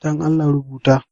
don Allah rubuta.